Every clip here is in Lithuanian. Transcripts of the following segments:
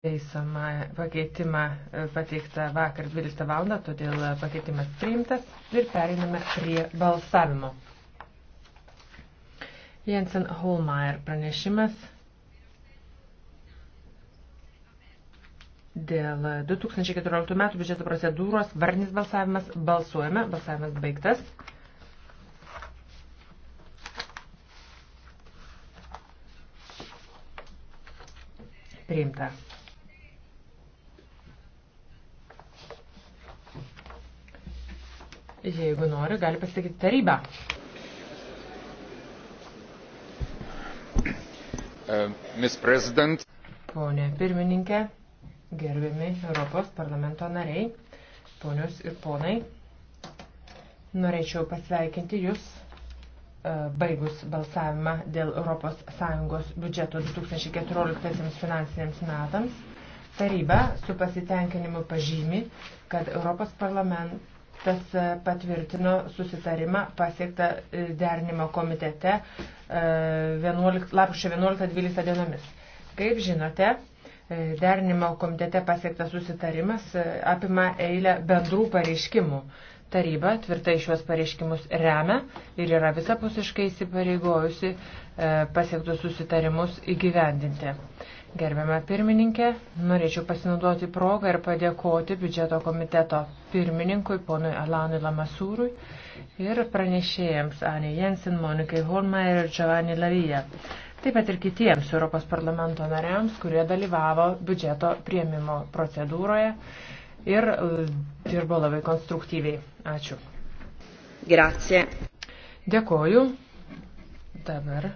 Teisoma pakeitimą e, pateikta vakar 12 val. todėl e, pakeitimas priimtas ir periname prie balsavimo. Jensen Holmeier pranešimas dėl 2014 m. biudžeto procedūros varnis balsavimas balsuojame, balsavimas baigtas. Priimta. Jeigu nori, gali pasakyti tarybą. Uh, Pone pirmininkė, gerbiami Europos parlamento nariai, ponios ir ponai, norėčiau pasveikinti Jūs uh, baigus balsavimą dėl ES biudžeto 2014 finansiniams metams. Taryba su pasitenkinimu pažymi, kad Europos parlament, tas e, patvirtino susitarimą pasiektą e, derinimo komitete 11, e, lapkričio 11-12 dienomis. Kaip žinote, derinimo komitete pasiektas susitarimas apima eilę bendrų pareiškimų. Taryba tvirtai šios pareiškimus remia ir yra visapusiškai įsipareigojusi e, pasiektus susitarimus įgyvendinti. Gerbiama pirmininkė, norėčiau pasinaudoti progą ir padėkoti biudžeto komiteto pirmininkui, ponui Alanui Lamasūrui ir pranešėjams Anė Jensen, Monikai Holmeier ir Giovanni Lavija. Taip pat ir kitiems Europos parlamento nariams, kurie dalyvavo biudžeto prieimimo procedūroje ir e, dirbo labai konstruktyviai. Ačiū. Grazie. Dėkoju. Dabar.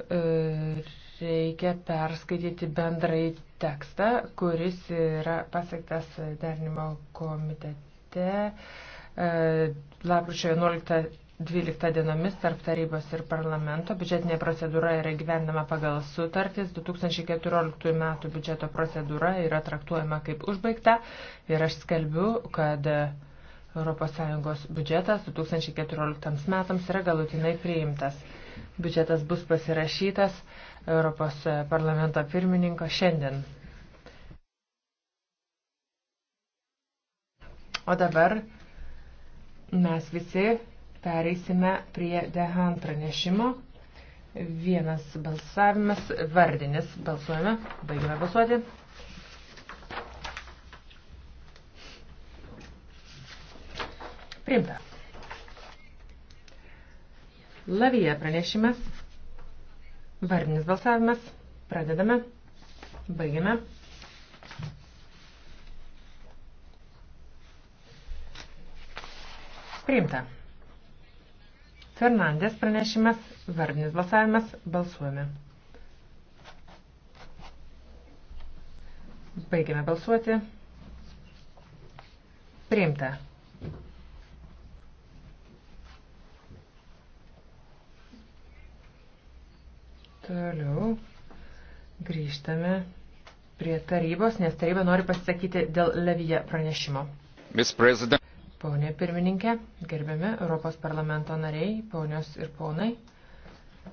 E, reikia perskaityti bendrai tekstą, kuris yra pasiektas derinimo komitete e, lapkričio 11 12 dienomis tarp tarybos ir parlamento biudžetinė procedūra yra gyvendama pagal sutartis. 2014 m. biudžeto procedūra yra traktuojama kaip užbaigta ir aš skelbiu, kad ES biudžetas 2014 metams yra galutinai priimtas. Biudžetas bus pasirašytas Europos parlamento pirmininko šiandien. O dabar mes visi Pereisime prie Dehan pranešimo. Vienas balsavimas, vardinis balsuojame, baigime balsuoti. Priimta. Lavija pranešimas, vardinis balsavimas, pradedame, baigiame. Priimta. Fernandės pranešimas, vardinis balsavimas, balsuojame. Baigiame balsuoti. Priimta. Toliau grįžtame prie tarybos, nes taryba nori pasisakyti dėl Levija pranešimo. Mr. President. Pone pirmininkė, gerbiami Europos parlamento nariai, ponios ir ponai,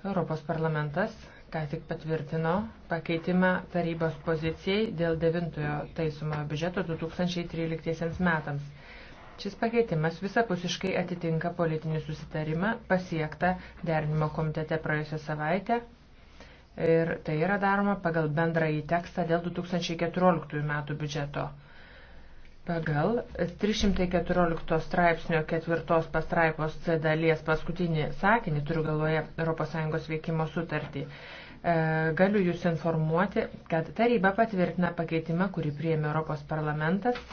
Europos parlamentas ką tik patvirtino pakeitimą tarybos pozicijai dėl devintojo taisumo biudžeto 2013 metams. Šis pakeitimas visapusiškai atitinka politinį susitarimą pasiektą derinimo komitete praėjusią savaitę ir tai yra daroma pagal bendrąjį tekstą dėl 2014 metų biudžeto. Pagal 314 straipsnio ketvirtos pastraipos C dalies paskutinį sakinį, turiu galvoje ES veikimo sutartį, e, galiu Jūs informuoti, kad taryba patvirtina pakeitimą, kurį priėmė Europos parlamentas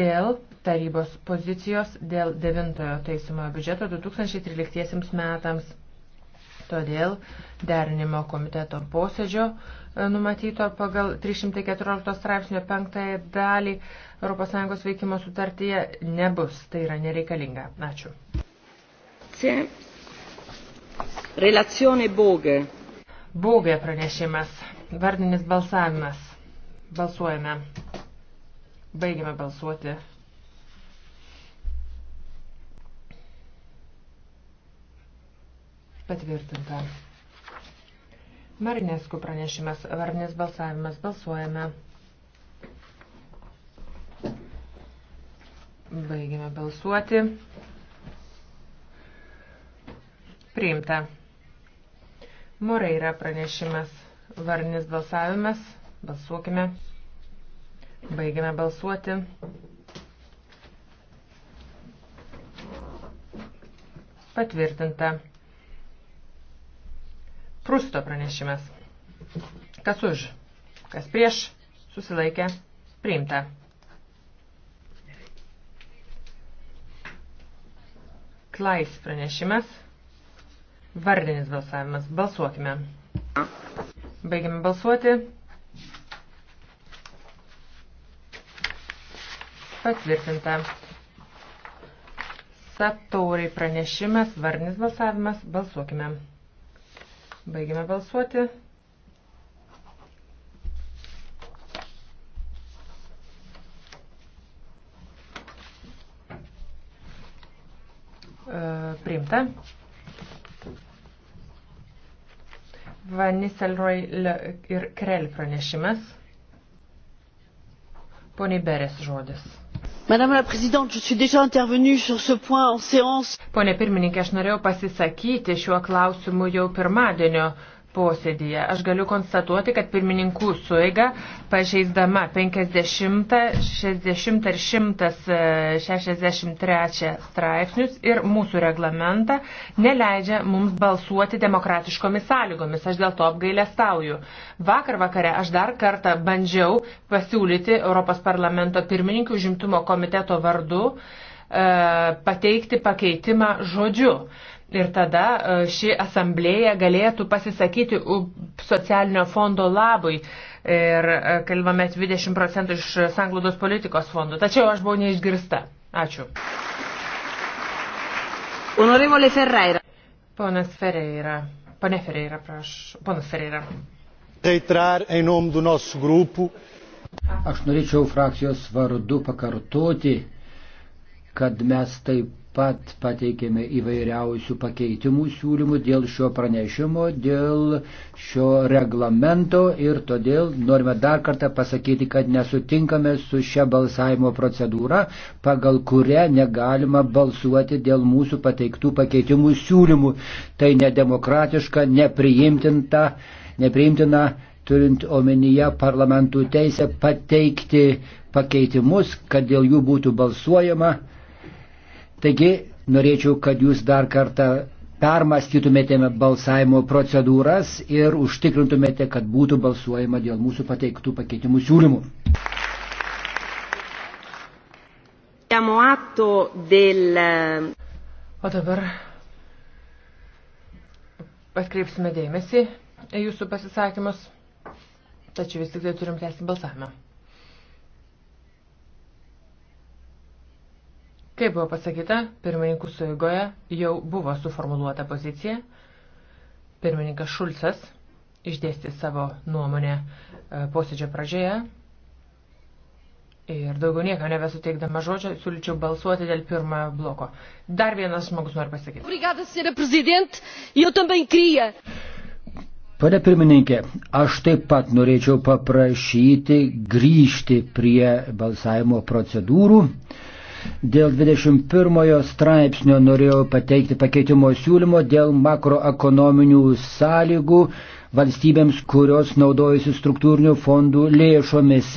dėl tarybos pozicijos dėl 9 taisomojo biudžeto 2013 metams. Todėl derinimo komiteto posėdžio e, numatyto pagal 314 straipsnio 5 dalį ES veikimo sutartyje nebus. Tai yra nereikalinga. Ačiū. Relazione Bogė. Bogė pranešimas. Vardinis balsavimas. Balsuojame. Baigiame balsuoti. Patvirtinta. Marinesku pranešimas, varnis balsavimas, balsuojame. Baigiame balsuoti. Priimta. Moreira pranešimas, varnis balsavimas, balsuokime. Baigiame balsuoti. Patvirtinta. Prusto pranešimas. Kas už? Kas prieš? Susilaikė. Priimta. Klais pranešimas. Vardinis balsavimas. Balsuokime. Baigiame balsuoti. Patvirtinta. Satoriai pranešimas. Vardinis balsavimas. Balsuokime. Baigime balsuoti. E, priimta. Vaniselroj ir Krell pranešimas. Poniai Beres žodis madame la présidente je suis déjà intervenue sur ce point en séance. pone pirmininke aš norėjau pasisakyti šiuo klausimu jau pirmadienio posėdėje. Aš galiu konstatuoti, kad pirmininkų suiga pažeisdama 50, 60 ir 163 e, straipsnius ir mūsų reglamentą neleidžia mums balsuoti demokratiškomis sąlygomis. Aš dėl to apgailę stauju. Vakar vakare aš dar kartą bandžiau pasiūlyti Europos parlamento pirmininkų žimtumo komiteto vardu e, pateikti pakeitimą žodžiu. Ir tada e, ši asamblėja galėtų pasisakyti socialinio fondo labui. Ir e, kalbame 20 procentų iš sanglaudos politikos fondų. Tačiau aš buvau neišgirsta. Ačiū. Honorevole Ferreira. Ponas Ferreira. Pane Ferreira, prašau. Ponas Ferreira. Reiterar em nome do nosso grupo. Aš norėčiau frakcijos vardu pakartoti, kad mes taip pat pateikėme įvairiausių pakeitimų siūlymų dėl šio pranešimo, dėl šio reglamento ir todėl norime dar kartą pasakyti, kad nesutinkame su šia balsavimo procedūra, pagal kurią negalima balsuoti dėl mūsų pateiktų pakeitimų siūlymų. Tai nedemokratiška, nepriimtinta, nepriimtina turint omenyje parlamentų teisę pateikti pakeitimus, kad dėl jų būtų balsuojama Taigi norėčiau, kad jūs dar kartą permastytumėte balsavimo procedūras ir užtikrintumėte, kad būtų balsuojama dėl mūsų pateiktų pakeitimų siūlymų. O dabar atkreipsime dėmesį į jūsų pasisakymus, tačiau vis tik tai turim tęsti balsavimą. Kaip buvo pasakyta, pirmininkų suigoje jau buvo suformuluota pozicija. Pirmininkas Šulcas išdėstė savo nuomonę e, posėdžio pradžioje. Ir daugiau nieko nebesuteikdama žodžio, siūlyčiau balsuoti dėl pirmojo bloko. Dar vienas žmogus nori pasakyti. Obrigada, senhora prezidente, e eu também queria. Pane pirmininkė, aš taip pat norėčiau paprašyti grįžti prie balsavimo procedūrų. Dėl 21 straipsnio norėjau pateikti pakeitimo siūlymo dėl makroekonominių sąlygų valstybėms, kurios naudojasi struktūrinių fondų lėšomis.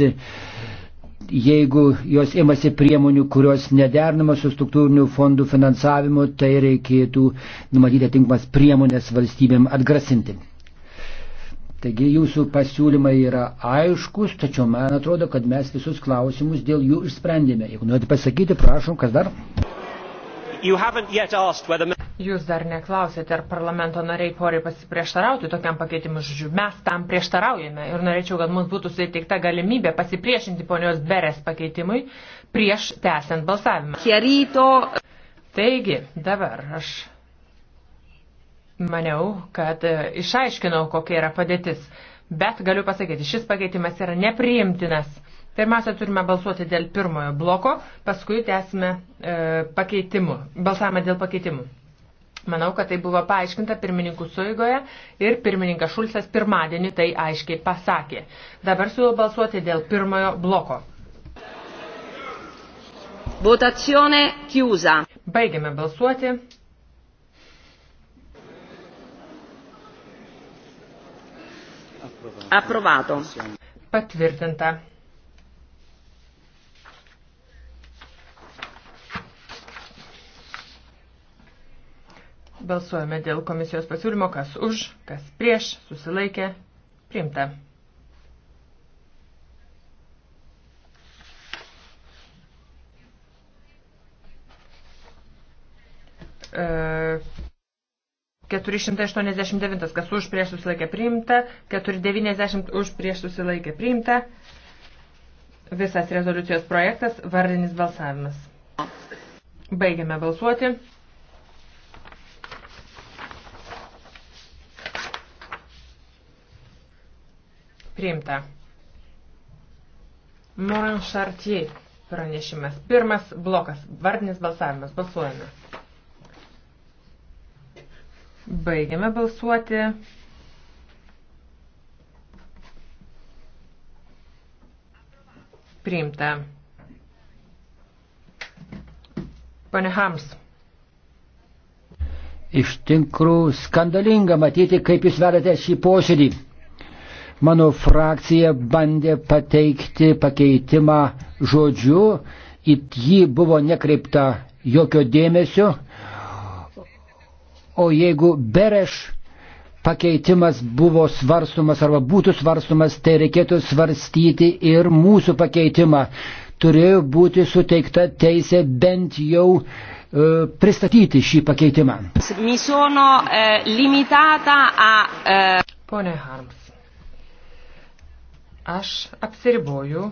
Jeigu jos imasi priemonių, kurios nedernama su struktūrinių fondų finansavimu, tai reikėtų numatyti atinkamas priemonės valstybėm atgrasinti. Taigi jūsų pasiūlymai yra aiškus, tačiau man atrodo, kad mes visus klausimus dėl jų išsprendėme. Jeigu norite pasakyti, prašom, kas dar? Whether... Jūs dar neklausėte, ar parlamento nariai pori pasiprieštarauti tokiam pakeitimui žodžiu. Mes tam prieštaraujame ir norėčiau, kad mums būtų suteikta galimybė pasipriešinti ponios Beres pakeitimui prieš tęsiant balsavimą. Chiarito. Taigi, dabar aš maniau, kad e, išaiškinau, kokia yra padėtis. Bet galiu pasakyti, šis pakeitimas yra nepriimtinas. Pirmiausia, turime balsuoti dėl pirmojo bloko, paskui tęsime e, pakeitimu, balsavimą dėl pakeitimų. Manau, kad tai buvo paaiškinta pirmininkų suigoje ir pirmininkas Šulcas pirmadienį tai aiškiai pasakė. Dabar siūlau balsuoti dėl pirmojo bloko. Votazione chiusa. Baigiame balsuoti. Approvato. Patvirtinta. Balsuojame dėl komisijos pasiūlymo, kas už, kas prieš, susilaikė, priimta. E, 489, kas už prieš susilaikė priimta, 490 už prieš susilaikė priimta. Visas rezoliucijos projektas vardinis balsavimas. Baigiame balsuoti. Priimta. Moran Chartier pranešimas. Pirmas blokas. Vardinis balsavimas. Balsuojame. Baigiame balsuoti. Priimta. Pane Hams. Iš tikrųjų skandalinga matyti, kaip jūs vedate šį posėdį. Mano frakcija bandė pateikti pakeitimą žodžiu, į jį buvo nekreipta jokio dėmesio O jeigu Bereš pakeitimas buvo svarstumas arba būtų svarstumas, tai reikėtų svarstyti ir mūsų pakeitimą. Turėjo būti suteikta teisė bent jau e, pristatyti šį pakeitimą. Sono, e, a, e... Pone Harms, aš apsiriboju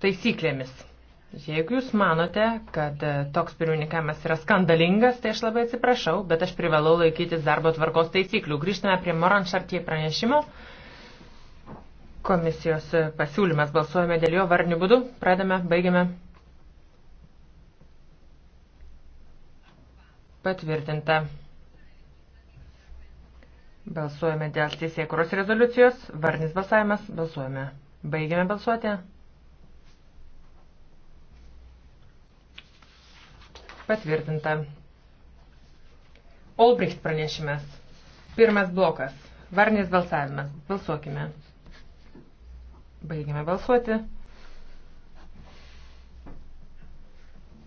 taisyklėmis. Jeigu jūs manote, kad e, toks pirmininkavimas yra skandalingas, tai aš labai atsiprašau, bet aš privalau laikytis darbo tvarkos taisyklių. Grįžtame prie Moran Šartie pranešimo. Komisijos e, pasiūlymas balsuojame dėl jo varnių būdų. Pradame, baigiame. Patvirtinta. Balsuojame dėl teisėkuros rezoliucijos. Varnis balsavimas. Balsuojame. Baigiame balsuoti. Patvirtinta. Olbricht pranešimas. Pirmas blokas. Varnės balsavimas. Balsuokime. Baigime balsuoti.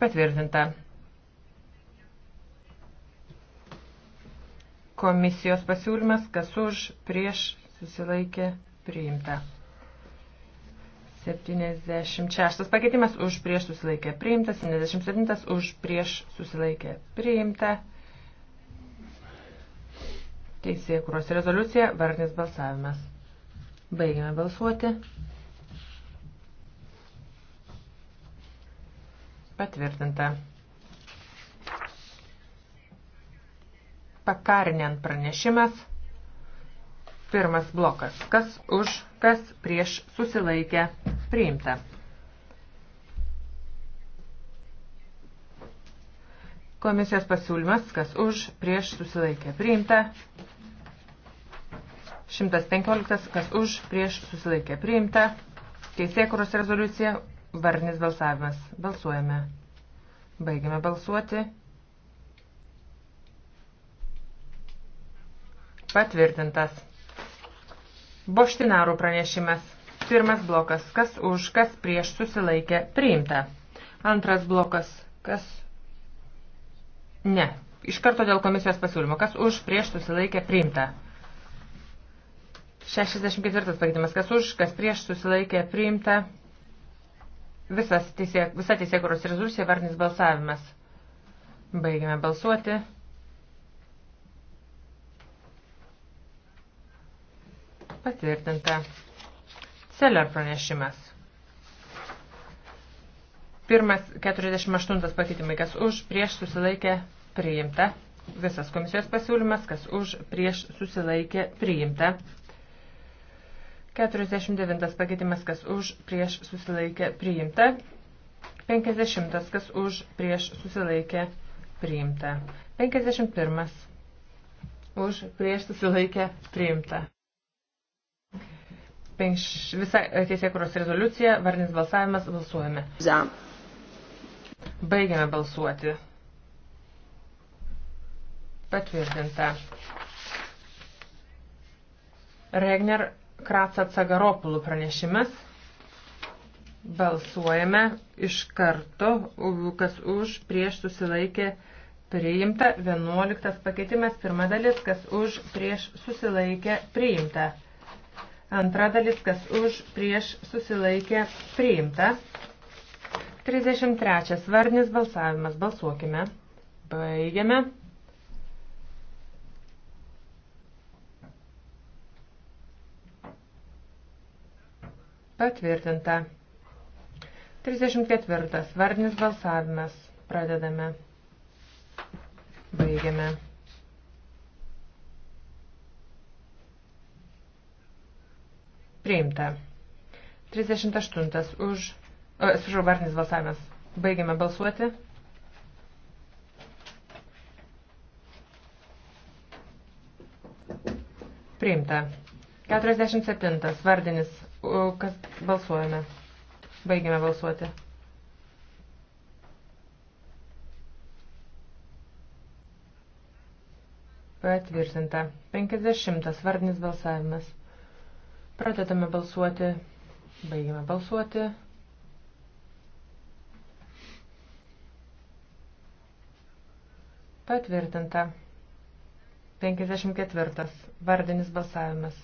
Patvirtinta. Komisijos pasiūlymas, kas už, prieš, susilaikė, priimta. 76 pakeitimas už prieš susilaikę priimta, 77 už prieš susilaikę priimta. Teisė, kurios rezoliucija, vardinis balsavimas. Baigiame balsuoti. Patvirtinta. Pakarnien pranešimas. Pirmas blokas. Kas už, kas prieš susilaikę. Priimta. Komisijos pasiūlymas, kas už, prieš susilaikė. Priimta. 115, kas už, prieš susilaikė. Priimta. Teisėkuros rezoliucija, varnis balsavimas. Balsuojame. Baigiame balsuoti. Patvirtintas. Boštinarų pranešimas. Pirmas blokas, kas už, kas prieš susilaikė, priimta. Antras blokas, kas ne. Iš karto dėl komisijos pasiūlymo, kas už, prieš susilaikė, priimta. 64 pakeitimas, kas už, kas prieš susilaikė, priimta. Visas teisė, visa teisėkuros rezoliucija varnis balsavimas. Baigime balsuoti. Patvirtinta. Celler pranešimas. Pirmas 48 pakeitimai, kas už, prieš susilaikė priimta. Visas komisijos pasiūlymas, kas už, prieš susilaikė priimta. 49 pakeitimas, kas už, prieš susilaikė priimta. 50, kas už, prieš susilaikė priimta. 51, už, prieš susilaikė priimta. Penš, visa teisėkuros rezoliucija, varnis balsavimas, balsuojame. Za. Baigiame balsuoti. Patvirtinta. Regner Kratsa Cagaropulų pranešimas. Balsuojame iš karto, kas už prieš susilaikė priimta, 11 pakeitimas, pirma dalis, kas už prieš susilaikė priimta. Antra dalis, kas už, prieš, susilaikė, priimta. 33. Varnis balsavimas. Balsuokime. Baigiame. Patvirtinta. 34. Varnis balsavimas. Pradedame. Baigiame. Priimta. 38 už... Atsiprašau, vardinis balsavimas. Baigiame balsuoti. Priimta. 47. Vardinis. Kas balsuojame? Baigiame balsuoti. Patvirtinta. 50. Vardinis balsavimas. Pradedame balsuoti. Baigime balsuoti. Patvirtinta. 54. Vardinis balsavimas.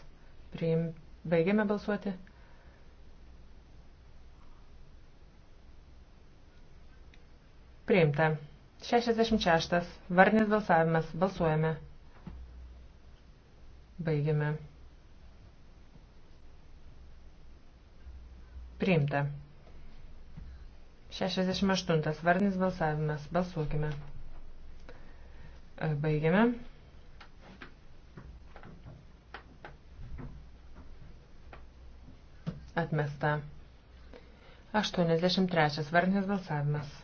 Priim... Baigėme balsuoti. Priimta. 66. Vardinis balsavimas. Balsuojame. Baigėme. Priimta. 68. Varnis balsavimas. Balsuokime. E, baigiame. Atmesta. 83. Varnis balsavimas.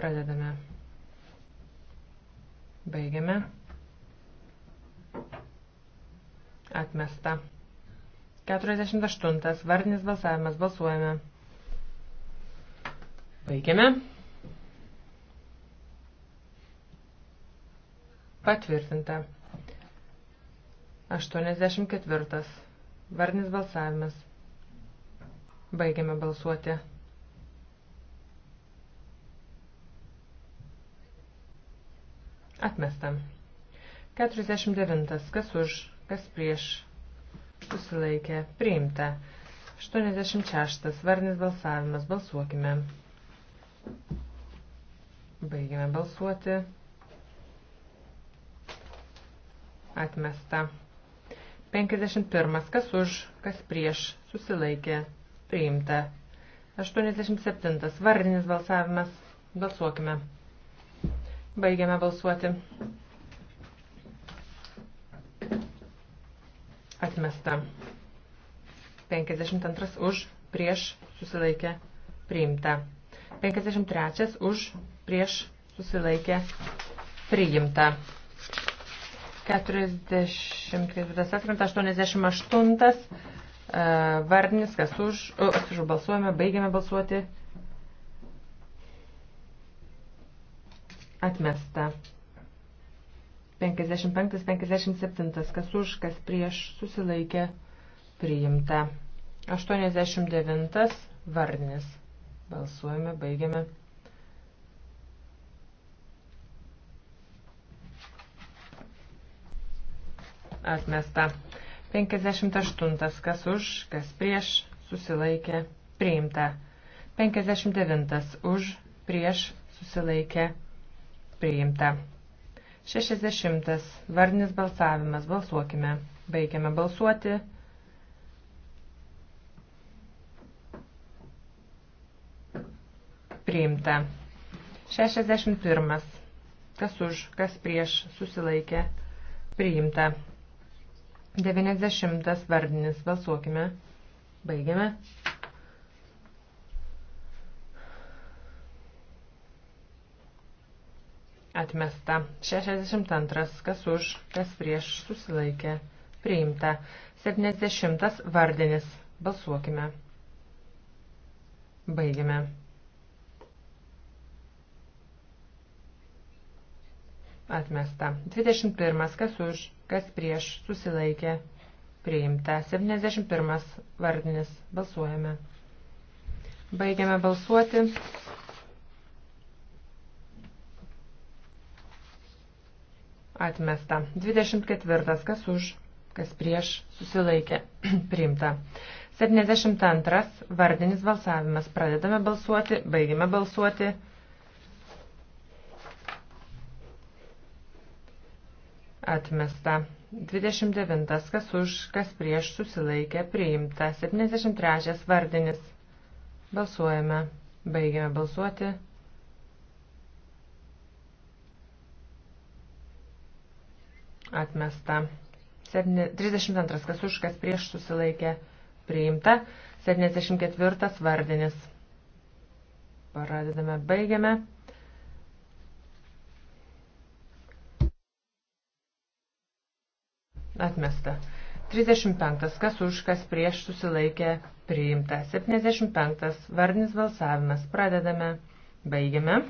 Pradedame. Baigiame. Atmesta. 48. Vardinis balsavimas. Balsuojame. Baigiame. Patvirtinta. 84. Vardinis balsavimas. Baigiame balsuoti. Atmesta. 49. Kas už, kas prieš susilaikė, priimta. 86. Varnis balsavimas. Balsuokime. Baigiame balsuoti. Atmesta. 51. Kas už, kas prieš, susilaikė, priimta. 87. Vardinis balsavimas. Balsuokime. Baigiame balsuoti. Atmesta. 52 už, prieš, susilaikė, priimta. 53 už, prieš, susilaikė, priimta. 44 atkrenta, 88 e, vardinis, kas už, už balsuojame, baigiame balsuoti. Atmesta. 55-57, kas už, kas prieš, susilaikė, priimta. 89 varnis. Balsuojame, baigiame. Atmesta. 58, kas už, kas prieš, susilaikė, priimta. 59, už, prieš, susilaikė, priimta. 60. Varnis balsavimas. Balsuokime. Baigiame balsuoti. Priimta. 61. Kas už, kas prieš, susilaikė. Priimta. 90. Vardinis. Balsuokime. Baigiame. atmesta. 62. Kas už, kas prieš susilaikė. Priimta. 70. Vardinis. Balsuokime. Baigiame. Atmesta. 21. Kas už, kas prieš susilaikė. Priimta. 71. Vardinis. Balsuojame. Baigiame balsuoti. atmesta. 24. Kas už, kas prieš, susilaikė, priimta. 72. Vardinis balsavimas. Pradedame balsuoti, baigime balsuoti. Atmesta. 29. Kas už, kas prieš, susilaikė, priimta. 73. Vardinis. Balsuojame. Baigiame balsuoti. atmesta. 32 kas už, kas prieš susilaikė priimta. 74 vardinis. Pradedame, baigiame. Atmesta. 35. Kas už, kas prieš susilaikė priimta. 75. Vardinis balsavimas. Pradedame. Baigiame.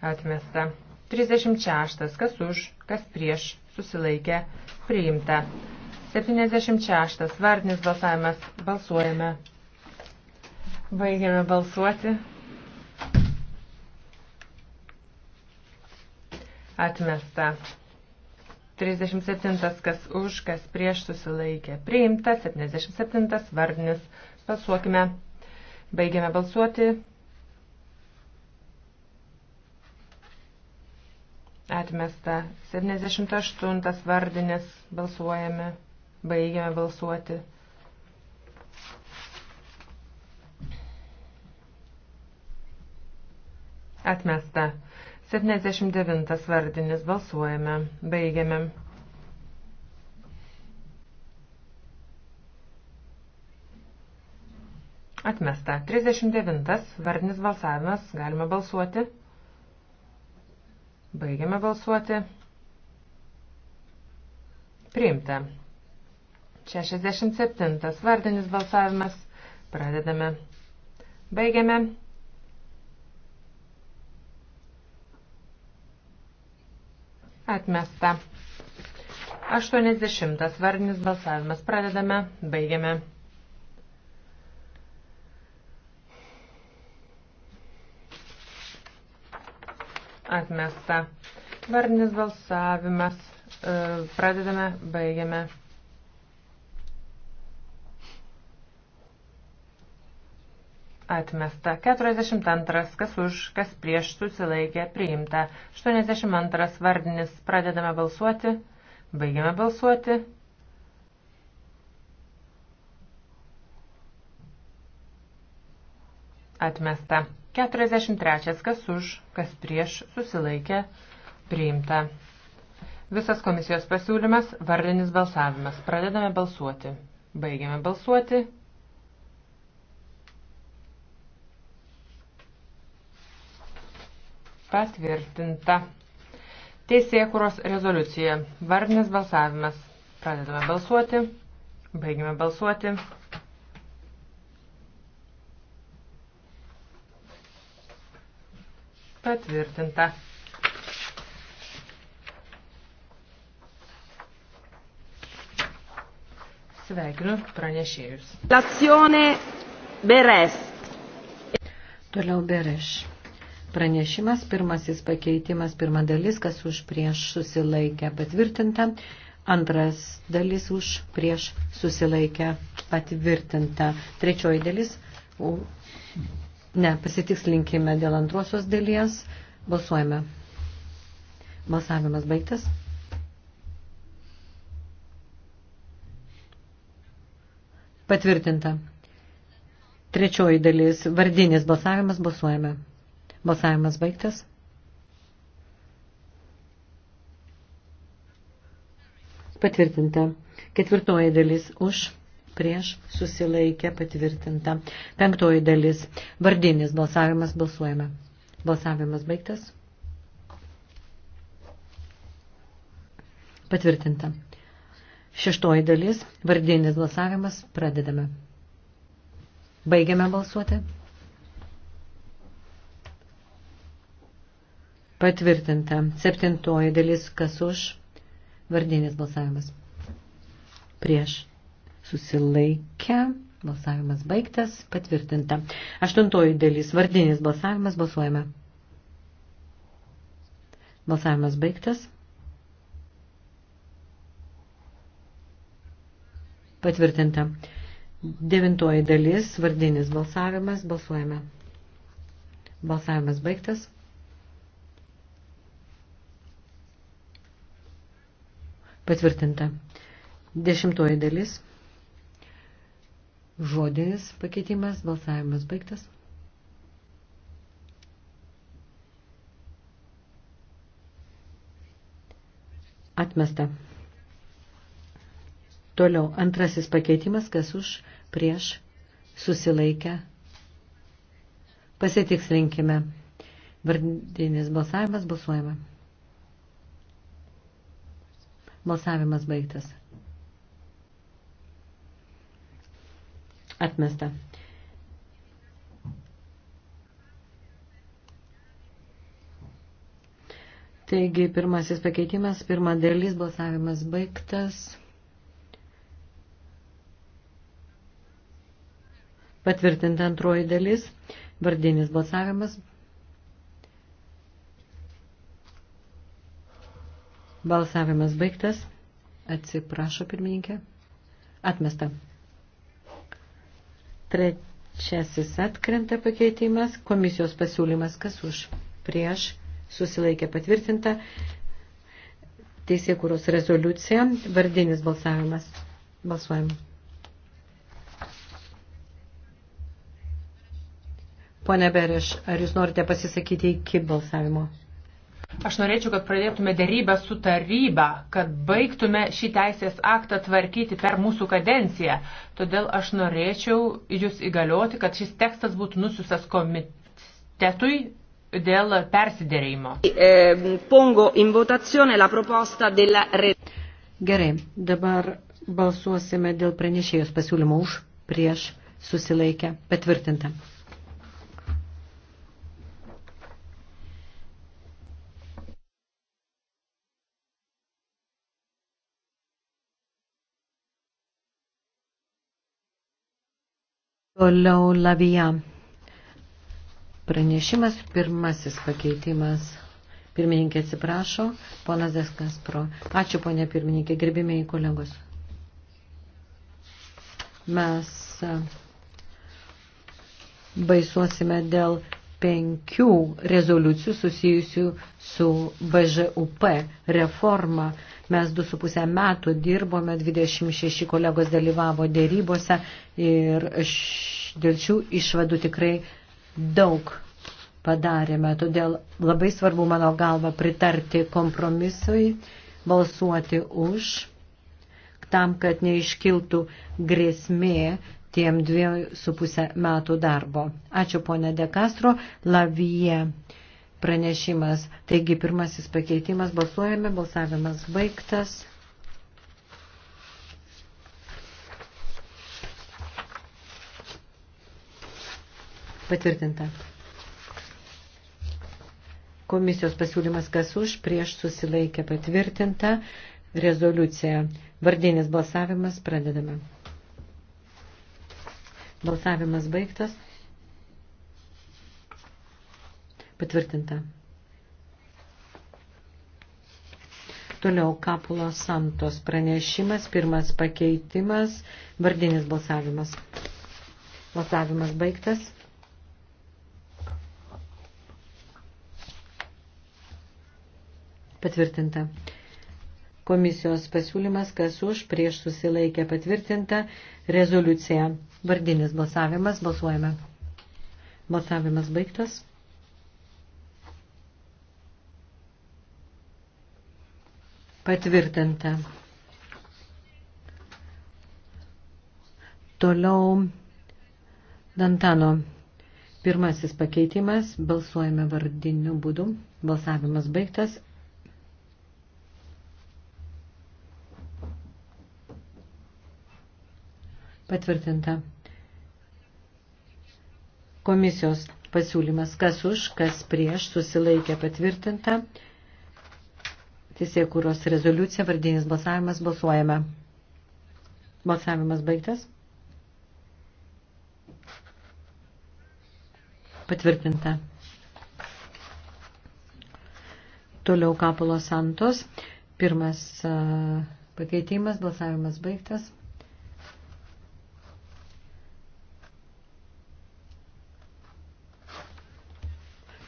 atmesta. 36. Kas už, kas prieš, susilaikė, priimta. 76. Vardinis balsavimas. Balsuojame. Baigiame balsuoti. Atmesta. 37. Kas už, kas prieš, susilaikė, priimta. 77. Vardinis. Balsuokime. Baigiame balsuoti. Atmesta. 78 vardinis. Balsuojame. Baigiame balsuoti. Atmesta. 79 vardinis. Balsuojame. Baigiame. Atmesta. 39 vardinis balsavimas. Galima balsuoti. Baigiame balsuoti. Priimta. 67. Vardinis balsavimas. Pradedame. Baigiame. Atmesta. 80. Vardinis balsavimas. Pradedame. Baigiame. Atmesta. Varnis balsavimas. E, pradedame, baigiame. Atmesta. 42. Kas už, kas prieš susilaikė, priimta. 82. Vardinis. Pradedame balsuoti. Baigiame balsuoti. Atmesta. 43. Kas už, kas prieš susilaikė priimta. Visas komisijos pasiūlymas – vardinis balsavimas. Pradedame balsuoti. Baigiame balsuoti. Patvirtinta. Teisėkuros rezoliucija. Vardinis balsavimas. Pradedame balsuoti. Baigiame balsuoti. Patvirtinta. Sveikinu pranešėjus. Lacione Beres. Toliau Bereš. Pranešimas, pirmasis pakeitimas, pirma dalis, kas už prieš susilaikę patvirtinta, antras dalis už prieš susilaikę patvirtinta, trečioji dalis. U, Ne, pasitikslinkime dėl antrosios dalies. Balsuojame. Balsavimas baigtas. Patvirtinta. Trečioji dalis. Vardinis balsavimas. Balsuojame. Balsavimas baigtas. Patvirtinta. Ketvirtoji dalis. Už prieš susilaikę patvirtinta. Penktoji dalis. Vardinis balsavimas balsuojame. Balsavimas baigtas. Patvirtinta. Šeštoji dalis. Vardinis balsavimas. Pradedame. Baigiame balsuoti. Patvirtinta. Septintoji dalis. Kas už? Vardinis balsavimas. Prieš susilaikę, balsavimas baigtas, patvirtinta. Aštuntoji dalis, vardinis balsavimas, balsuojame. Balsavimas baigtas. Patvirtinta. Devintoji dalis, vardinis balsavimas, balsuojame. Balsavimas baigtas. Patvirtinta. Dešimtoji dalis. Žodinis pakeitimas, balsavimas baigtas. Atmesta. Toliau antrasis pakeitimas, kas už, prieš, susilaikę. Pasitikslinkime. Vardinis balsavimas balsuojama. Balsavimas baigtas. Atmesta. Taigi, pirmasis pakeitimas, pirma dalis, balsavimas baigtas. Patvirtinta antroji dalis, vardinis balsavimas. Balsavimas baigtas. Atsiprašo pirmininkė. Atmesta. Trečiasis atkrenta pakeitimas, komisijos pasiūlymas kas už, prieš, susilaikė patvirtinta, teisėkūros rezoliucija, vardinis balsavimas. Balsuojam. Pone Bereš, ar jūs norite pasisakyti iki balsavimo? Aš norėčiau, kad pradėtume dėrybę su taryba, kad baigtume šį teisės aktą tvarkyti per mūsų kadenciją. Todėl aš norėčiau jūs įgalioti, kad šis tekstas būtų nusiusas komitetui dėl persidėrėjimo. E, Gerai, dabar balsuosime dėl pranešėjos pasiūlymo už, prieš, susilaikę, patvirtinta. Toliau lavija. Pranešimas, pirmasis pakeitimas. Pirmininkė atsiprašo, ponas Deskas Pro. Ačiū, ponė pirmininkė, gerbimiai kolegos. Mes baisuosime dėl penkių rezoliucijų susijusių su BŽUP reforma. Mes du su pusę metų dirbome, 26 kolegos dalyvavo dėrybose ir dėl šių išvadų tikrai daug padarėme. Todėl labai svarbu mano galva pritarti kompromisui, balsuoti už tam, kad neiškiltų grėsmė tiem dviejų su pusę metų darbo. Ačiū ponė De Castro, lavie pranešimas. Taigi pirmasis pakeitimas, balsuojame, balsavimas baigtas. Patvirtinta. Komisijos pasiūlymas kas už, prieš susilaikė patvirtinta rezoliucija. Vardinis balsavimas pradedame. Balsavimas baigtas. Patvirtinta. Toliau Kapulo Santos pranešimas, pirmas pakeitimas, vardinis balsavimas. Balsavimas baigtas. Patvirtinta komisijos pasiūlymas, kas už prieš susilaikę patvirtinta rezoliucija. Vardinis balsavimas. Balsuojame. Balsavimas baigtas. Patvirtinta. Toliau Dantano pirmasis pakeitimas. Balsuojame vardiniu būdu. Balsavimas baigtas. Patvirtinta. Komisijos pasiūlymas, kas už, kas prieš, susilaikė patvirtinta. Teisėkūros rezoliucija, vardinis balsavimas, balsuojame. Balsavimas baigtas. Patvirtinta. Toliau Kapulo Santos. Pirmas pakeitimas, balsavimas baigtas.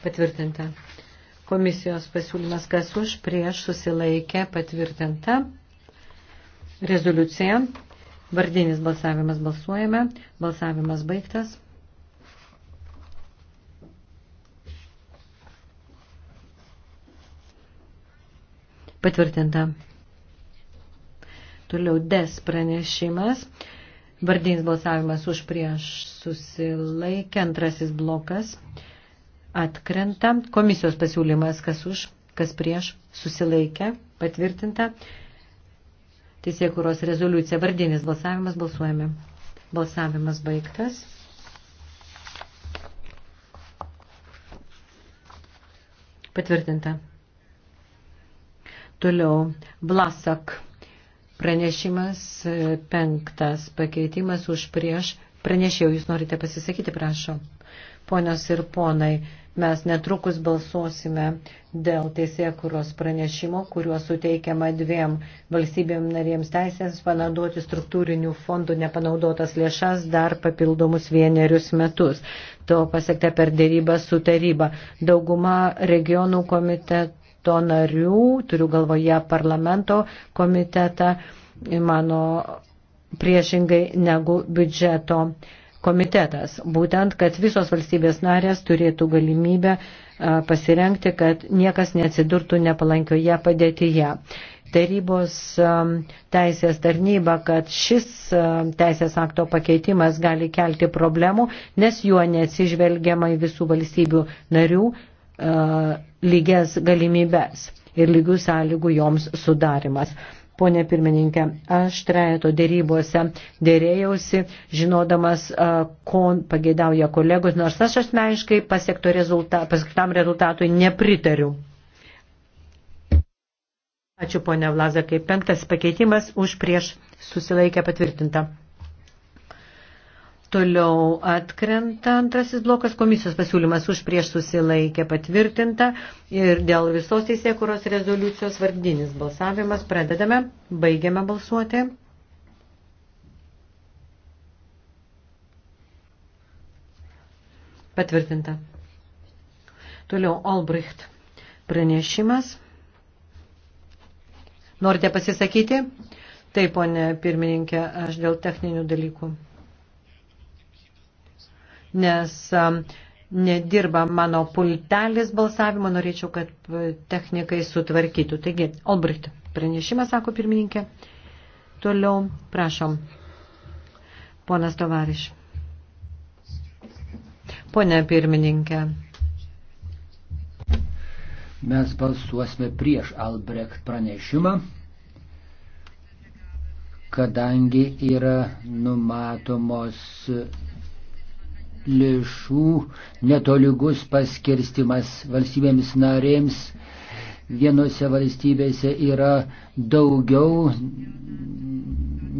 patvirtinta. Komisijos pasiūlymas kas už, prieš susilaikė patvirtinta. Rezoliucija. Vardinis balsavimas balsuojame. Balsavimas baigtas. Patvirtinta. Toliau des pranešimas. Vardinis balsavimas už prieš susilaikę. Antrasis blokas atkrenta. Komisijos pasiūlymas, kas už, kas prieš, susilaikė, patvirtinta. Teisėkuros rezoliucija, vardinis balsavimas, balsuojame. Balsavimas baigtas. Patvirtinta. Toliau, Blasak pranešimas, e, penktas pakeitimas už prieš. Pranešėjau, jūs norite pasisakyti, prašau. Ponios ir ponai, Mes netrukus balsuosime dėl teisėkuros pranešimo, kuriuo suteikiama dviem valstybėm narėms teisėms panaudoti struktūrinių fondų nepanaudotas lėšas dar papildomus vienerius metus. To pasiekta per dėrybą su taryba. Dauguma regionų komiteto narių, turiu galvoje parlamento komitetą, mano priešingai negu biudžeto komitetas. Būtent, kad visos valstybės narės turėtų galimybę pasirengti, kad niekas neatsidurtų nepalankioje padėtyje. Tarybos teisės tarnyba, kad šis teisės akto pakeitimas gali kelti problemų, nes juo neatsižvelgiama į visų valstybių narių lygias galimybės ir lygių sąlygų joms sudarimas. Pone pirmininkė, aš trejato dėrybose dėrėjausi, žinodamas, ko pagėdauja kolegos, nors aš asmeniškai pasiektam rezulta, rezultatui nepritariu. Ačiū, ponia Vlaza, kaip penktas pakeitimas už prieš susilaikę patvirtinta. Toliau atkrenta antrasis blokas komisijos pasiūlymas už prieš susilaikę patvirtinta ir dėl visos teisėkuros rezoliucijos vardinis balsavimas pradedame, baigiame balsuoti. Patvirtinta. Toliau Albrecht pranešimas. Norite pasisakyti? Taip, ponė pirmininkė, aš dėl techninių dalykų nes nedirba mano pultelis balsavimo, norėčiau, kad e, technikai sutvarkytų. Taigi, Olbricht, pranešimas, sako pirmininkė. Toliau, prašom. Ponas Tovariš. Pone pirmininkė. Mes balsuosime prieš Albrecht pranešimą, kadangi yra numatomos lėšų netoligus paskirstimas valstybėms narėms. Vienose valstybėse yra daugiau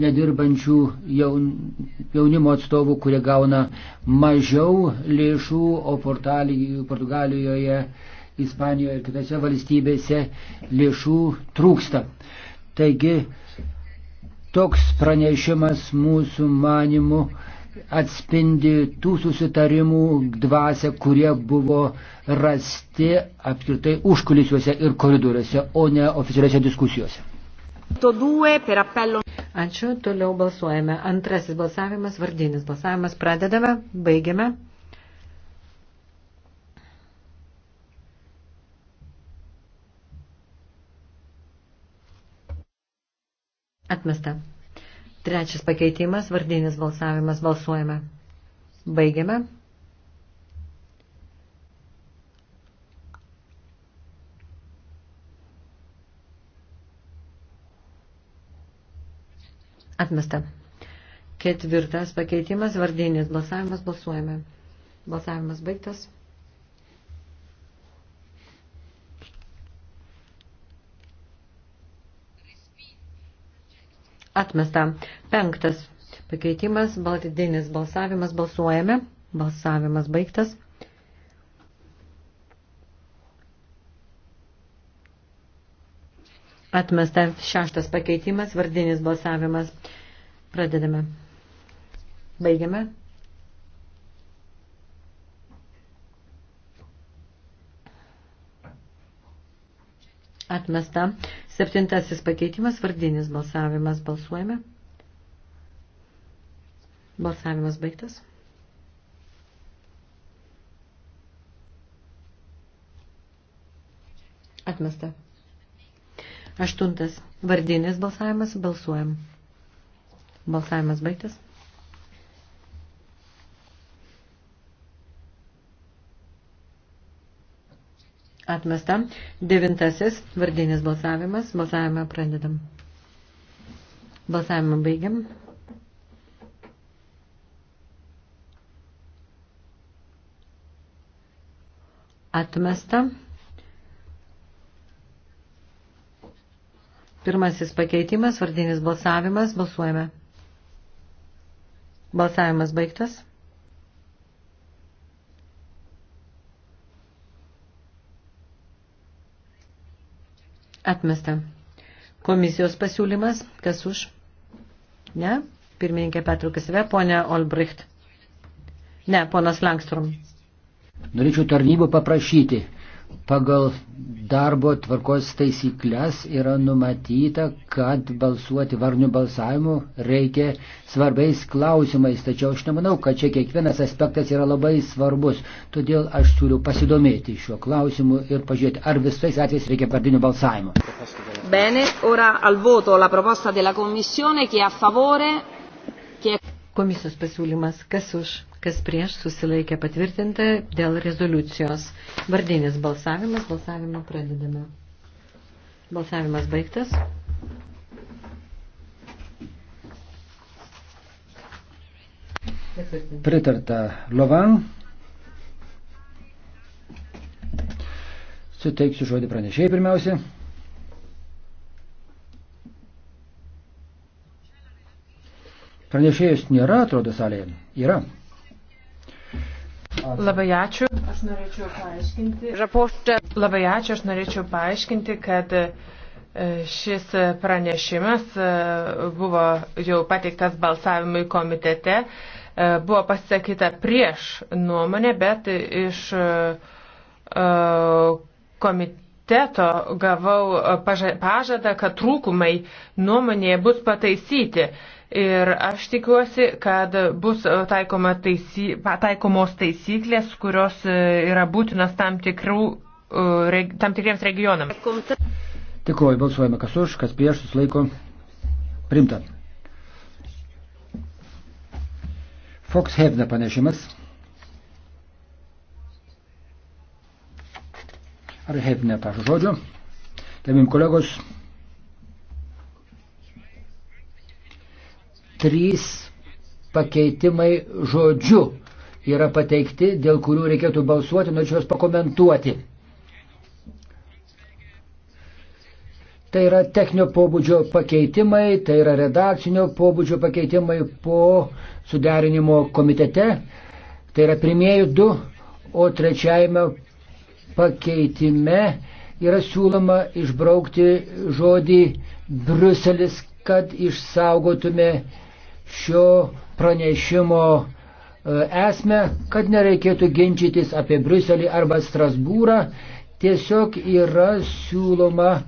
nedirbančių jaunimo atstovų, kurie gauna mažiau lėšų, o Portugalijoje, Ispanijoje ir kitose valstybėse lėšų trūksta. Taigi toks pranešimas mūsų manimu atspindi tų susitarimų dvasę, kurie buvo rasti apskritai užkulisiuose ir koridoriuose, o ne oficialiuose diskusijose. Ačiū, toliau balsuojame. Antrasis balsavimas, vardinis balsavimas. Pradedame, baigiame. Atmesta. Trečias pakeitimas, vardinis balsavimas, balsuojame. Baigiame. Atmesta. Ketvirtas pakeitimas, vardinis balsavimas, balsuojame. Balsavimas baigtas. Atmesta. Penktas pakeitimas, baltidinis balsavimas, balsuojame. Balsavimas baigtas. Atmesta šeštas pakeitimas, vardinis balsavimas. Pradedame. Baigiame. Atmesta. Septintasis pakeitimas, vardinis balsavimas. Balsuojame. Balsavimas baigtas. Atmesta. Aštuntas. Vardinis balsavimas. Balsuojam. Balsavimas baigtas. Atmesta. Devintasis vardinis balsavimas. Balsavimą pradedam. Balsavimą baigiam. Atmesta. Pirmasis pakeitimas, vardinis balsavimas. Balsuojame. Balsavimas baigtas. Atmesta. Komisijos pasiūlymas. Kas už? Ne. Pirmininkė Petrukas Ve, ponia Olbricht. Ne, ponas Langstrom. Norėčiau tarnybų paprašyti Pagal darbo tvarkos taisyklės yra numatyta, kad balsuoti varnių balsavimu reikia svarbiais klausimais, tačiau aš nemanau, kad čia kiekvienas aspektas yra labai svarbus. Todėl aš siūliu pasidomėti šiuo klausimu ir pažiūrėti, ar visais atvejais reikia vardinių balsavimo. Bene, ora al voto la proposta della Commissione, chi è a favore, chi è... Komisijos pasiūlymas, kas už? kas prieš susilaikė patvirtinta dėl rezoliucijos. Vardinis balsavimas, balsavimą pradedame. Balsavimas baigtas. Pritarta Lovan. Suteiksiu žodį pranešėjai pirmiausia. Pranešėjus nėra, atrodo, salėje. Yra. Labai ačiū. Aš norėčiau paaiškinti. Raportą. Labai ačiū. Aš norėčiau paaiškinti, kad e, šis pranešimas e, buvo jau pateiktas balsavimui komitete. E, buvo pasakyta prieš nuomonę, bet iš komitete komiteto gavau pažadą, kad trūkumai nuomonėje bus pataisyti. Ir aš tikiuosi, kad bus e, taikoma taisy, taikomos taisyklės, kurios e, yra būtinas tam, tikrų, e, tam tikriems regionams. Tikoju, balsuojame kas už, kas prieš, susilaiko. Primta. Fox Hevna panešimas. Ar Hevna, prašau žodžio. Gerbim kolegos. Trys pakeitimai žodžiu yra pateikti, dėl kurių reikėtų balsuoti, norėčiau juos pakomentuoti. Tai yra techninio pobūdžio pakeitimai, tai yra redakcinio pobūdžio pakeitimai po suderinimo komitete, tai yra pirmieji du, o trečiajame pakeitime yra siūloma išbraukti žodį Bruselis, kad išsaugotume šio pranešimo e, esmę, kad nereikėtų ginčytis apie Bruselį arba Strasbūrą, tiesiog yra siūloma e,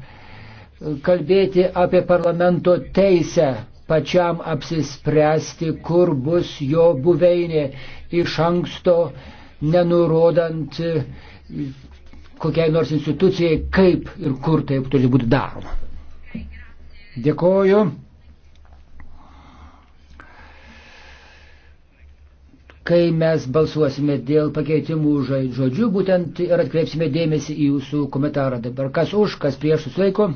kalbėti apie parlamento teisę pačiam apsispręsti, kur bus jo buveinė iš anksto, nenurodant e, kokiai nors institucijai, kaip ir kur taip turi būti daroma. Dėkoju. kai mes balsuosime dėl pakeitimų žodžių, būtent ir atkreipsime dėmesį į jūsų komentarą. Dabar kas už, kas prieš susilaiko.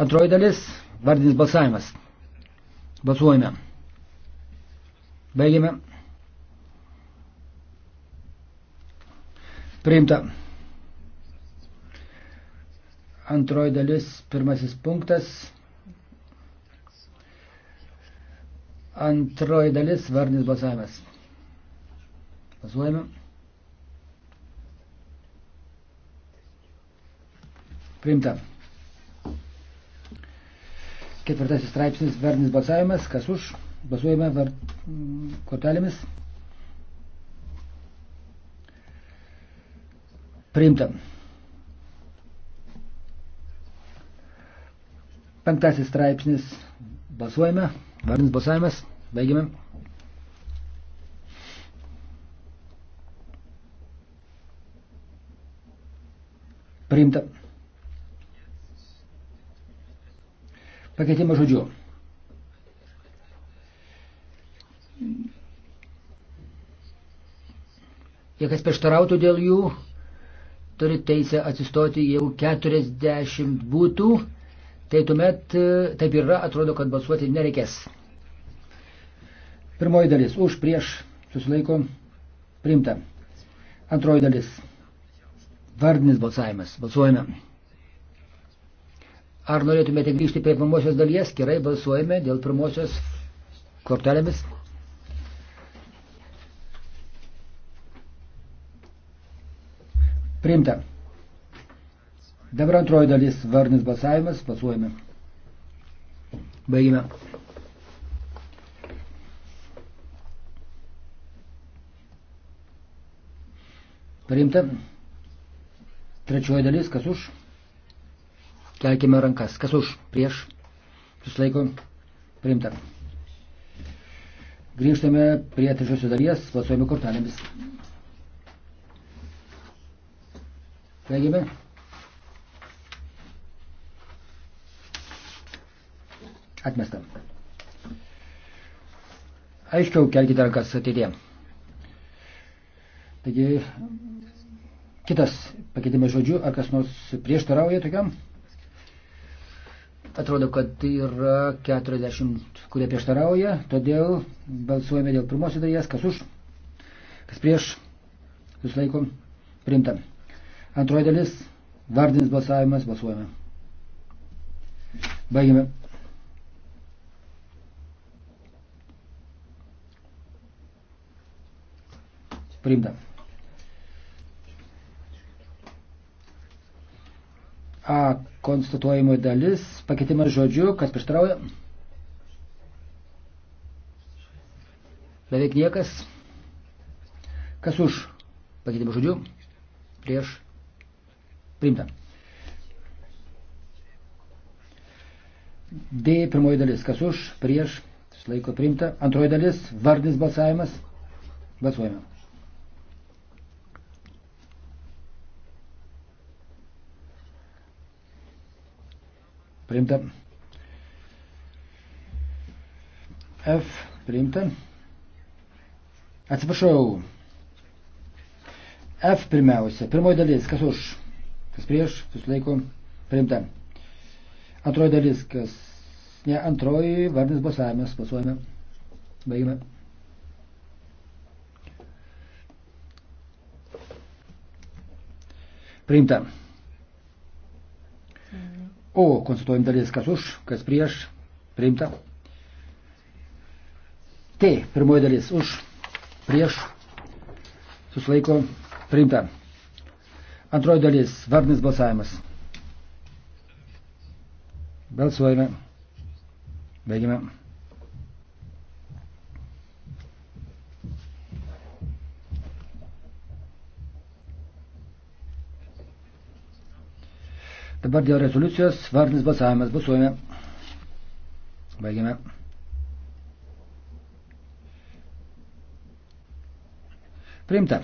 Antroji dalis - vardinis balsavimas. Balsuojame. Baigėme. Priimta. Antroji dalis, pirmasis punktas. Antroji dalis vardinis balsavimas. Pasuojame. Priimta. Ketvirtasis straipsnis vardinis balsavimas. Kas už? Balsuojame var... kortelėmis. Priimta. Penktasis straipsnis. Balsuojame. Vardinis balsavimas. Baigime. Priimta. Pakeitimas žodžiu. Jei kas prieštarautų dėl jų, turi teisę atsistoti, jeigu 40 būtų tai tuomet e, taip yra, atrodo, kad balsuoti nereikės. Pirmoji dalis už prieš susilaiko priimta. Antroji dalis vardinis balsavimas. Balsuojame. Ar norėtumėte grįžti prie pirmosios dalies? Gerai, balsuojame dėl pirmosios kortelėmis. Priimta. Dabar antroji dalis varnis balsavimas, pasuojame. Baigime. Priimta. Trečioji dalis, kas už? Kelkime rankas. Kas už? Prieš. Susilaiko. Priimta. Grįžtame prie trečiosios dalies, balsuojame kortelėmis. Baigime. Atmesta. Aiškiau kelkite rankas ateitie. Taigi, kitas pakeitimas žodžiu, ar kas nors prieštarauja tokiam? Atrodo, kad yra 40, kurie prieštarauja, todėl balsuojame dėl pirmosios dalies, kas už, kas prieš, susilaiko, primta. Antroji dalis, vardinis balsavimas, balsuojame. Baigime. priimta. A konstatuojimo dalis, pakeitimas žodžiu, kas prieštrauja? Beveik niekas. Kas už pakeitimą žodžiu? Prieš priimta. D pirmoji dalis, kas už, prieš, laiko priimta. Antroji dalis, vardinis balsavimas, balsuojame. priimta. F priimta. Atsiprašau. F pirmiausia. Pirmoji dalis. Kas už? Kas prieš? Susilaiko. Priimta. Antroji dalis. Kas? Ne, antroji vardinis balsavimas. Balsuojame. Baigime. Priimta. O konstatuojam dalis, kas už, kas prieš, priimta. T, pirmoji dalis, už, prieš, susilaiko, priimta. Antroji dalis, vardinis balsavimas. Balsuojame. Baigime. Dabar dėl rezoliucijos vardinis balsavimas. Balsuojame. Baigiame. Priimta.